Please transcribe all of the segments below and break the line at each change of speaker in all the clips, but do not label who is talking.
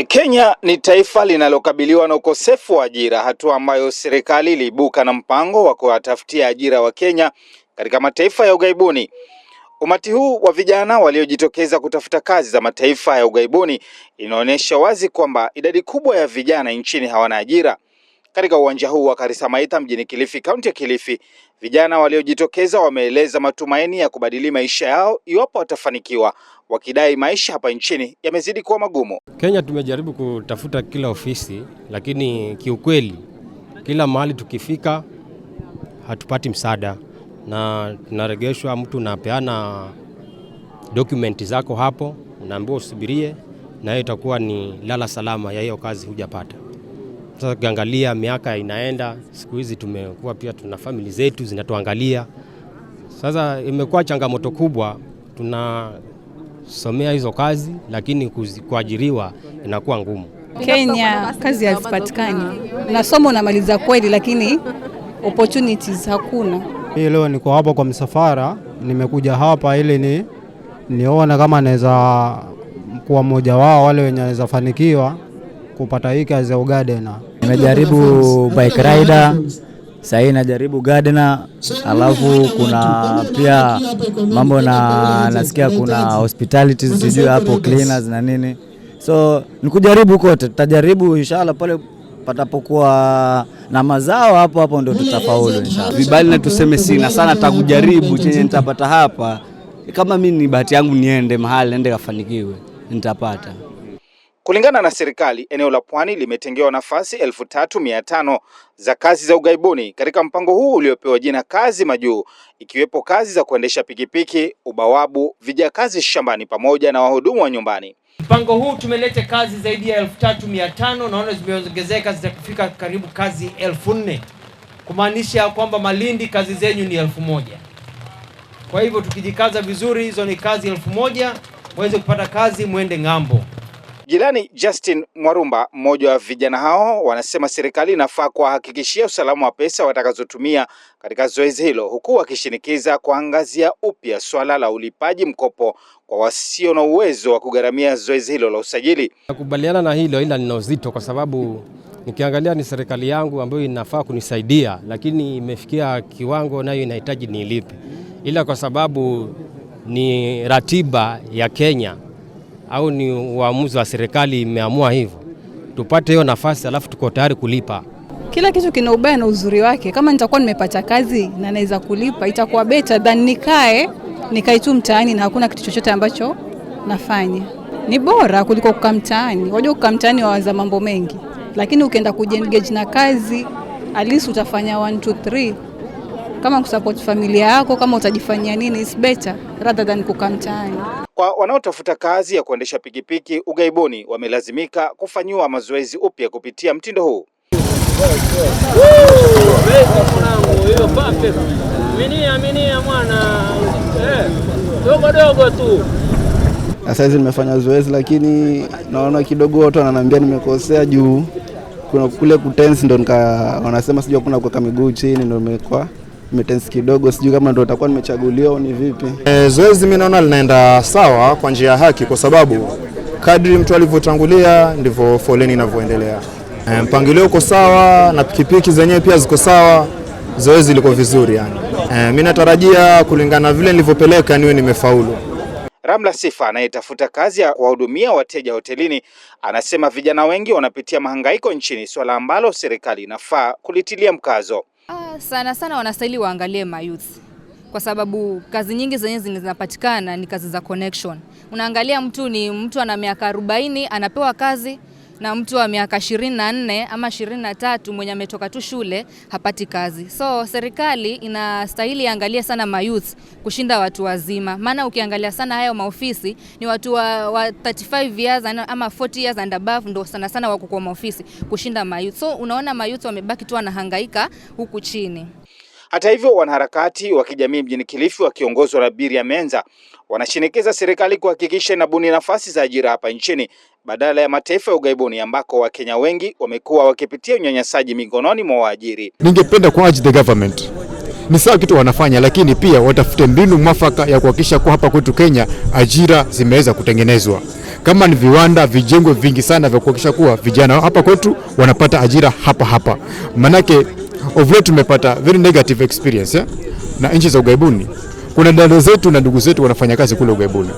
E, Kenya ni taifa linalokabiliwa na ukosefu wa ajira, hatua ambayo serikali iliibuka na mpango wa kuwatafutia ajira wa Kenya katika mataifa ya ughaibuni. Umati huu wa vijana waliojitokeza kutafuta kazi za mataifa ya ughaibuni inaonyesha wazi kwamba idadi kubwa ya vijana nchini hawana ajira. Katika uwanja huu wa Karisamaita mjini Kilifi, kaunti ya Kilifi, vijana waliojitokeza wameeleza matumaini ya kubadili maisha yao iwapo watafanikiwa, wakidai maisha hapa nchini yamezidi kuwa magumu.
Kenya tumejaribu kutafuta kila ofisi, lakini kiukweli kila mahali tukifika hatupati msaada na tunaregeshwa. Mtu unapeana dokumenti zako hapo, unaambiwa usubirie, na hiyo itakuwa ni lala salama ya hiyo kazi hujapata. Sasa miaka inaenda, siku hizi tumekuwa pia tuna famili zetu zinatuangalia. Sasa imekuwa changamoto kubwa, tunasomea hizo kazi lakini kuajiriwa inakuwa ngumu.
Kenya kazi hazipatikani, unasoma unamaliza kweli, lakini opportunities hakuna.
Hii leo niko hapa kwa msafara, nimekuja hapa ili ni niona kama naweza kuwa mmoja wao wale wenye wanaweza fanikiwa kupata hii kazi ya ugadena
nimejaribu bike rider, sahii najaribu gardener, alafu kuna pia mambo na nasikia kuna hospitalities sijui hapo cleaners na nini, so nikujaribu kote, tutajaribu inshallah pale patapokuwa na mazao hapo hapo ndio tutafaulu inshallah.
Vibali na tuseme sina sana, takujaribu chenye nitapata hapa. Kama mimi ni bahati yangu niende mahali, nende kafanikiwe, nitapata.
Kulingana na serikali, eneo la Pwani limetengewa nafasi elfu tatu mia tano za kazi za ughaibuni katika mpango huu uliopewa jina Kazi Majuu, ikiwepo kazi za kuendesha pikipiki, ubawabu, vijakazi shambani pamoja na wahudumu wa nyumbani.
Mpango huu tumeleta kazi zaidi ya elfu tatu mia tano naona zimeongezeka zitafika karibu kazi elfu nne kumaanisha kwamba Malindi kazi zenyu ni elfu moja Kwa hivyo tukijikaza vizuri, hizo ni kazi elfu moja mweze kupata kazi, mwende ng'ambo.
Jilani Justin Mwarumba, mmoja wa vijana hao, wanasema serikali inafaa kuwahakikishia usalama wa pesa watakazotumia katika zoezi hilo, huku wakishinikiza kuangazia upya swala la ulipaji mkopo kwa wasio na uwezo wa kugharamia zoezi hilo la usajili.
Nakubaliana na hilo, ila nina uzito kwa sababu nikiangalia ni serikali yangu ambayo inafaa kunisaidia, lakini imefikia kiwango nayo inahitaji nilipe, ila kwa sababu ni ratiba ya Kenya au ni uamuzi wa serikali imeamua hivyo, tupate hiyo nafasi, alafu tuko tayari kulipa.
Kila kitu kina ubaya na uzuri wake. Kama nitakuwa nimepata kazi na naweza kulipa, itakuwa beta than nikae nikae tu mtaani na hakuna kitu chochote ambacho nafanya. Ni bora kuliko kukaa mtaani. Wajua, kukaa mtaani wawaza mambo mengi, lakini ukienda kujengage na kazi at least utafanya 1 2 3 kama kusupport familia yako, kama utajifanyia nini is better rather than kukaa mtaani.
Kwa wanaotafuta kazi ya kuendesha pikipiki ugaibuni wamelazimika kufanyiwa mazoezi upya kupitia mtindo huu.
Dogo dogo tu.
Sasa hizi nimefanya zoezi lakini naona kidogo watu wananiambia nimekosea juu kuna kule kutensi ndo nika wanasema sijui kuna kuweka miguu chini ndo nimekwa mitens kidogo, sijui kama ndo utakuwa nimechaguliwa ni vipi. E,
zoezi mimi naona linaenda sawa kwa njia ya haki, kwa sababu kadri mtu alivyotangulia ndivyo foleni inavyoendelea. E, mpangilio uko sawa na pikipiki zenyewe pia ziko sawa, zoezi liko vizuri yani. E, mimi natarajia kulingana na vile nilivyopeleka niwe nimefaulu.
Ramla Sifa anayetafuta kazi ya kuwahudumia wateja hotelini anasema vijana wengi wanapitia mahangaiko nchini, swala ambalo serikali inafaa kulitilia mkazo
sana sana wanastahili waangalie mayouth kwa sababu kazi nyingi zenye zinapatikana ni kazi za connection. Unaangalia mtu ni mtu ana miaka 40 anapewa kazi na mtu wa miaka ishirini na ama ishirini na tatu mwenye ametoka tu shule hapati kazi. So serikali inastahili iangalie sana mayouth kushinda watu wazima, maana ukiangalia sana hayo maofisi ni watu wa, wa 35 years ama 40 years and above ndo sana sana wako kwa maofisi kushinda mayouth. So unaona mayouth wamebaki tu wanahangaika huku chini.
Hata hivyo, wanaharakati wa kijamii mjini Kilifi wakiongozwa na Biria Menza wanashinikiza serikali kuhakikisha inabuni nafasi za ajira hapa nchini badala ya mataifa ya ugaibuni ambako Wakenya wengi wamekuwa wakipitia unyanyasaji mikononi mwa waajiri.
Ningependa kuaji the government ni sawa kitu wanafanya, lakini pia watafute mbinu mwafaka ya kuhakikisha kuwa hapa kwetu Kenya ajira zimeweza kutengenezwa. Kama ni viwanda vijengwe vingi sana vya kuhakikisha kuwa vijana hapa kwetu wanapata ajira hapa hapa, manake of late tumepata very negative experience ya? Eh? na nchi za ugaibuni. Kuna dada zetu na ndugu zetu wanafanya kazi kule ugaibuni,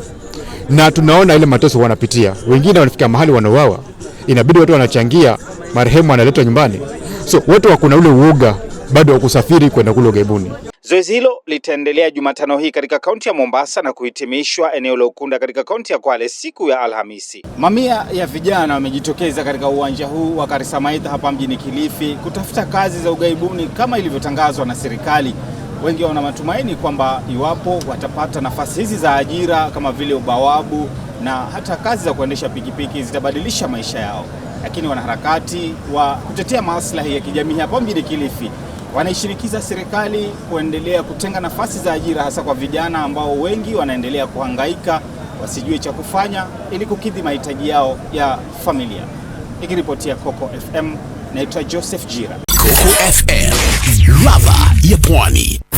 na tunaona ile mateso wanapitia, wengine wanafika mahali wanauawa, inabidi watu wanachangia, marehemu analetwa nyumbani. So watu wakuna ule uoga bado wa kusafiri kwenda kule ugaibuni.
Zoezi hilo litaendelea Jumatano hii katika kaunti ya Mombasa na kuhitimishwa eneo la Ukunda katika kaunti ya Kwale siku ya Alhamisi.
Mamia ya vijana wamejitokeza katika uwanja huu wa Karisamaitha hapa mjini Kilifi kutafuta kazi za ugaibuni kama ilivyotangazwa na serikali. Wengi wana matumaini kwamba iwapo watapata nafasi hizi za ajira kama vile ubawabu na hata kazi za kuendesha pikipiki zitabadilisha maisha yao, lakini wanaharakati wa kutetea maslahi ya kijamii hapa mjini Kilifi wanaishirikiza serikali kuendelea kutenga nafasi za ajira hasa kwa vijana ambao wengi wanaendelea kuhangaika wasijue cha kufanya ili kukidhi mahitaji yao ya familia. Nikiripotia Coco FM, naitwa Joseph Jira, Coco FM, ladha ya Pwani.